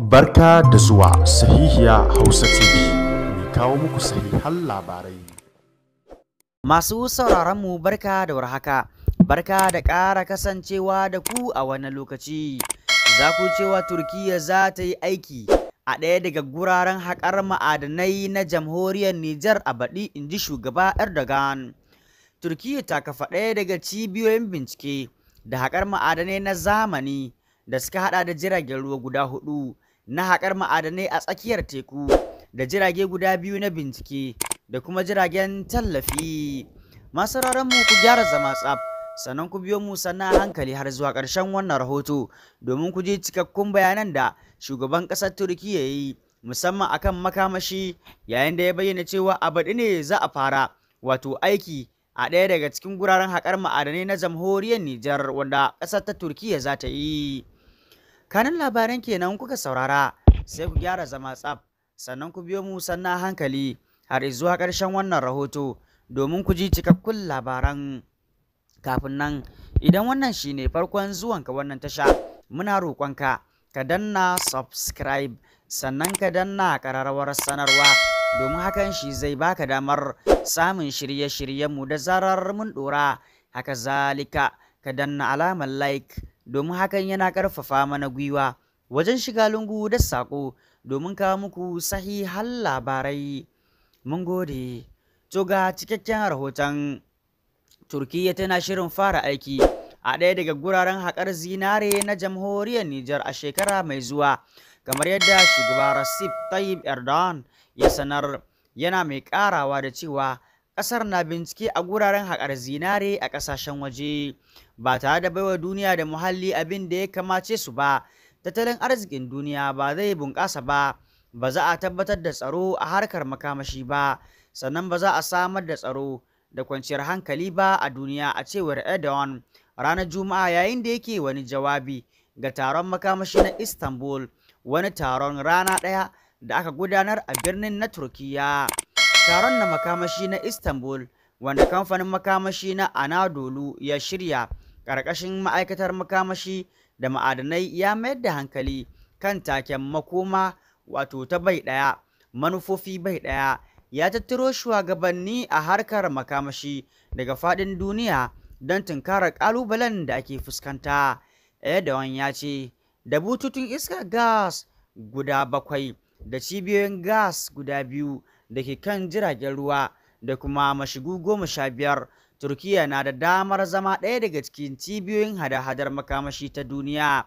Barka da zuwa sahihiya Hausa TV, mai kawo muku sahihan labarai. Masu sauraronmu barka da warhaka, barka da ƙara kasancewa da ku a wani lokaci. Za ku cewa Turkiyya za ta yi aiki a ɗaya daga guraren haƙar ma'adanai na jamhuriyar Nijar a baɗi, in ji shugaba Erdogan. Turkiyya ta kafa ɗaya daga cibiyoyin bincike da haƙar ma'adanai na zamani da suka haɗa da jiragen ruwa guda hudu na haƙar ma'adanai a tsakiyar teku da jirage guda biyu na bincike da kuma jiragen tallafi. Masu mu ku gyara zama tsaf sannan ku biyo mu sannan hankali har zuwa ƙarshen wannan rahoto domin ku je cikakkun bayanan da shugaban ƙasar Turki ya yi musamman akan makamashi yayin da ya bayyana cewa abadi ne za a fara wato aiki a ɗaya daga cikin guraren haƙar ma'adanai na jamhuriyar Nijar wanda ƙasar ta Turkiyya za ta yi. kanin labaran kenan kuka saurara sai ku gyara zama tsaf sannan ku biyo mu sannan hankali har zuwa ƙarshen wannan rahoto domin ku ji cikakkun labaran kafin nan idan wannan shine farkon zuwanka wannan tasha muna roƙonka ka danna subscribe sannan ka danna ƙararrawar sanarwa domin hakan shi zai baka damar samun shirye-shiryenmu da zarar mun ɗora haka zalika ka danna alamar like domin hakan yana ƙarfafa mana gwiwa wajen shiga lungu da saƙo domin kawo muku sahihan labarai. Mun gode. To ga cikakken rahoton Turkiyya tana shirin fara aiki a ɗaya daga guraren haƙar zinare na jamhuriyar Nijar a shekara mai zuwa, kamar yadda shugaba Recep Tayyip Erdogan ya sanar yana mai ƙarawa da cewa ƙasar na bincike a guraren haƙar zinare a ƙasashen waje ba tare da baiwa duniya da muhalli abin da ya kamace su ba tattalin arzikin duniya ba zai bunƙasa ba ba za a tabbatar da tsaro a harkar makamashi ba sannan ba za a samar da tsaro da kwanciyar hankali ba a duniya a cewar Erdogan ranar Juma'a yayin da yake wani jawabi ga taron makamashi na Istanbul wani taron rana ɗaya da aka gudanar a birnin na Turkiyya. Taron na makamashi na Istanbul, wanda kamfanin makamashi na Anadolu ya shirya ƙarƙashin Ma'aikatar Makamashi da Ma'adanai ya mayar da hankali kan taken makoma wato ta bai ɗaya, manufofi bai ɗaya, ya tattaro shugabanni a harkar makamashi daga faɗin duniya don tunkarar ƙalubalen da ake fuskanta. Erdogan ya ce, da bututun iskar gas guda bakwai da cibiyoyin gas guda biyu da ke kan jiragen ruwa da kuma mashigu goma sha biyar turkiya na da damar zama ɗaya daga cikin cibiyoyin hada-hadar makamashi ta duniya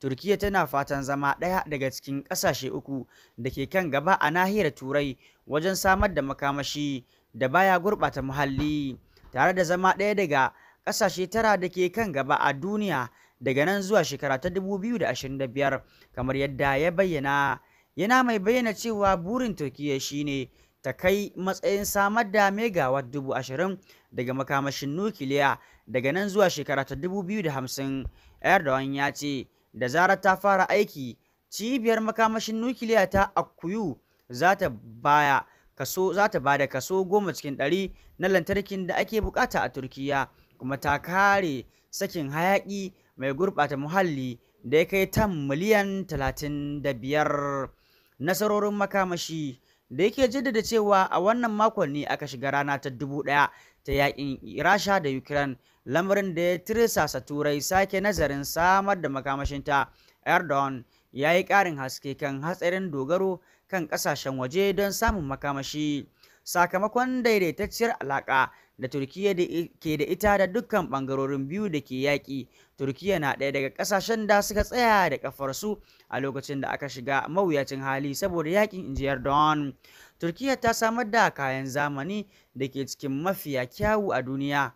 turkiya tana fatan zama ɗaya daga cikin ƙasashe uku da ke kan gaba a nahiyar turai wajen samar da makamashi da baya gurɓata muhalli tare da zama ɗaya daga ƙasashe tara da ke kan gaba a duniya daga nan zuwa shekara ta 2025 kamar yadda ya bayyana yana mai bayyana cewa burin turkiyya shine ta kai matsayin samar da megawatt dubu ashirin daga makamashin nukiliya daga nan zuwa shekara ta dubu biyu da hamsin erdogan ya ce da zarar ta fara aiki cibiyar makamashin nukiliya ta akuyu za ta baya kaso bada kaso goma cikin ɗari na lantarkin da ake bukata a turkiya kuma ta kare sakin hayaƙi mai gurɓata muhalli da ya kai tan miliyan talatin da biyar nasarorin makamashi da yake jaddada cewa a wannan makon ne aka shiga rana ta dubu ɗaya ta yakin rasha da ukraine lamarin da ya tirsasa turai sake nazarin samar da makamashinta erdogan ya yi ƙarin haske kan hatsarin dogaro kan ƙasashen waje don samun makamashi sakamakon daidaitacciyar alaƙa da Turkiyya ke da ita da dukkan ɓangarorin biyu da ke yaƙi. Turkiyya na ɗaya daga ƙasashen da suka tsaya da ƙafarsu a lokacin da aka shiga mawuyacin hali saboda yaƙin injiyar Erdogan. Turkiyya ta samar da kayan zamani da ke cikin mafiya kyawu a duniya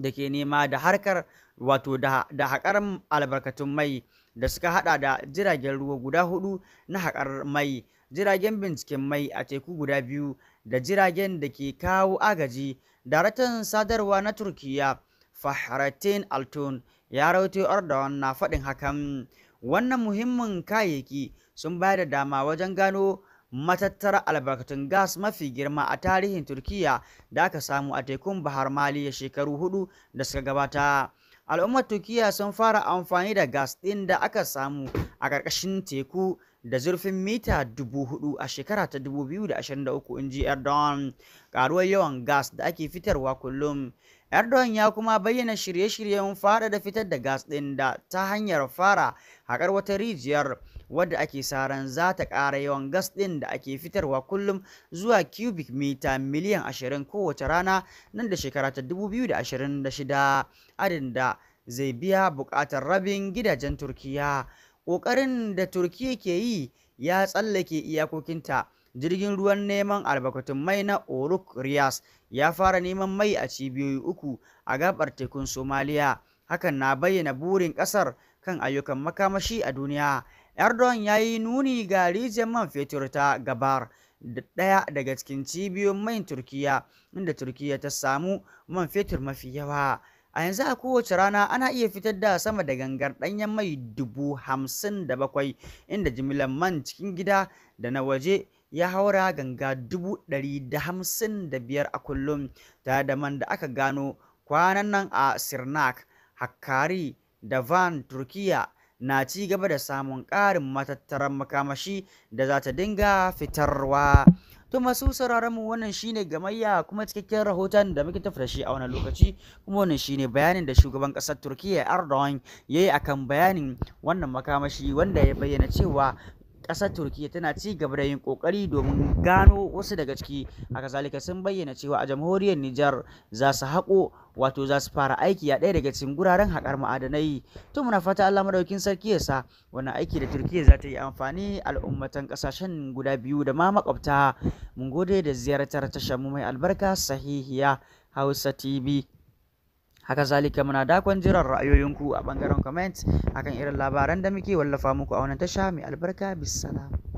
da ke nema da harkar wato da haƙar albarkatun mai da suka haɗa da jiragen ruwa guda hudu na haƙar mai jiragen binciken mai a teku guda biyu da jiragen da ke kawo agaji daraktan sadarwa na turkiya fahratin altun ya rawaito da na faɗin hakan wannan muhimmin kayayyaki sun bayar da dama wajen gano matattara albarkatun gas mafi girma a tarihin turkiya da aka samu a tekun bahar Mali ya shekaru hudu da suka gabata al'ummar turkiya sun fara amfani da gas ɗin da aka samu a ƙarƙashin teku da zurfin mita 4,000 a shekara ta 2023 in ji Erdogan karuwar yawan gas da ake fitarwa kullum. Erdogan ya kuma bayyana shirye-shiryen fada da fitar da gas ɗin da ta hanyar fara haƙar wata rijiyar wadda ake saran ran za ta ƙara yawan gas ɗin da ake fitarwa kullum zuwa cubic mita miliyan 20 kowace rana nan da shekara ta 2026 adin da zai biya buƙatar rabin gidajen Turkiya. ƙoƙarin da Turkiyya ke yi ya tsallake iyakokinta. Jirgin ruwan neman albarkatun mai na Oruk Riyas ya fara neman mai a cibiyoyi uku a gabar tekun Somaliya. Hakan na bayyana burin ƙasar kan ayyukan makamashi a duniya. Erdogan ya yi nuni ga rijiyar man fetur ta gabar ɗaya daga cikin cibiyoyin mai Turkiyya, inda Turkiyya ta samu man fetur mafi yawa. A yanzu a kowace rana ana iya fitar da sama da gangar ɗanyen mai dubu hamsin da bakwai inda jimillar man cikin gida da na waje ya haura ganga dubu ɗari da hamsin da biyar a kullum tare da man da aka gano kwanan nan a Sirnak, Hakkari, Van Turkiya na ci gaba da samun ƙarin matattarar makamashi da za ta dinga fitarwa. to masu sauraron mu wannan shine gamayya kuma cikakken rahoton da muke tafi da shi a wannan lokaci kuma wannan shine bayanin da shugaban kasar Turkiyya Erdogan yayi akan bayanin wannan makamashi wanda ya bayyana cewa ƙasar turkiya tana ci gaba da yin ƙoƙari domin gano wasu daga ciki a zalika sun bayyana cewa a jamhuriyar nijar za su haƙo wato za su fara aiki a ɗaya daga cikin guraren haƙar ma'adanai to muna fata allah madaukin sarki ya sa wannan aiki da turkiya za ta yi amfani al'ummatan ƙasashen guda biyu da ma makwabta mun gode da ziyartar tashar mu mai albarka sahihiya hausa tv haka zalika muna dakon jiran ra'ayoyinku a bangaren comment akan irin labaran da muke wallafa muku a wannan tasha mai albarka bisalam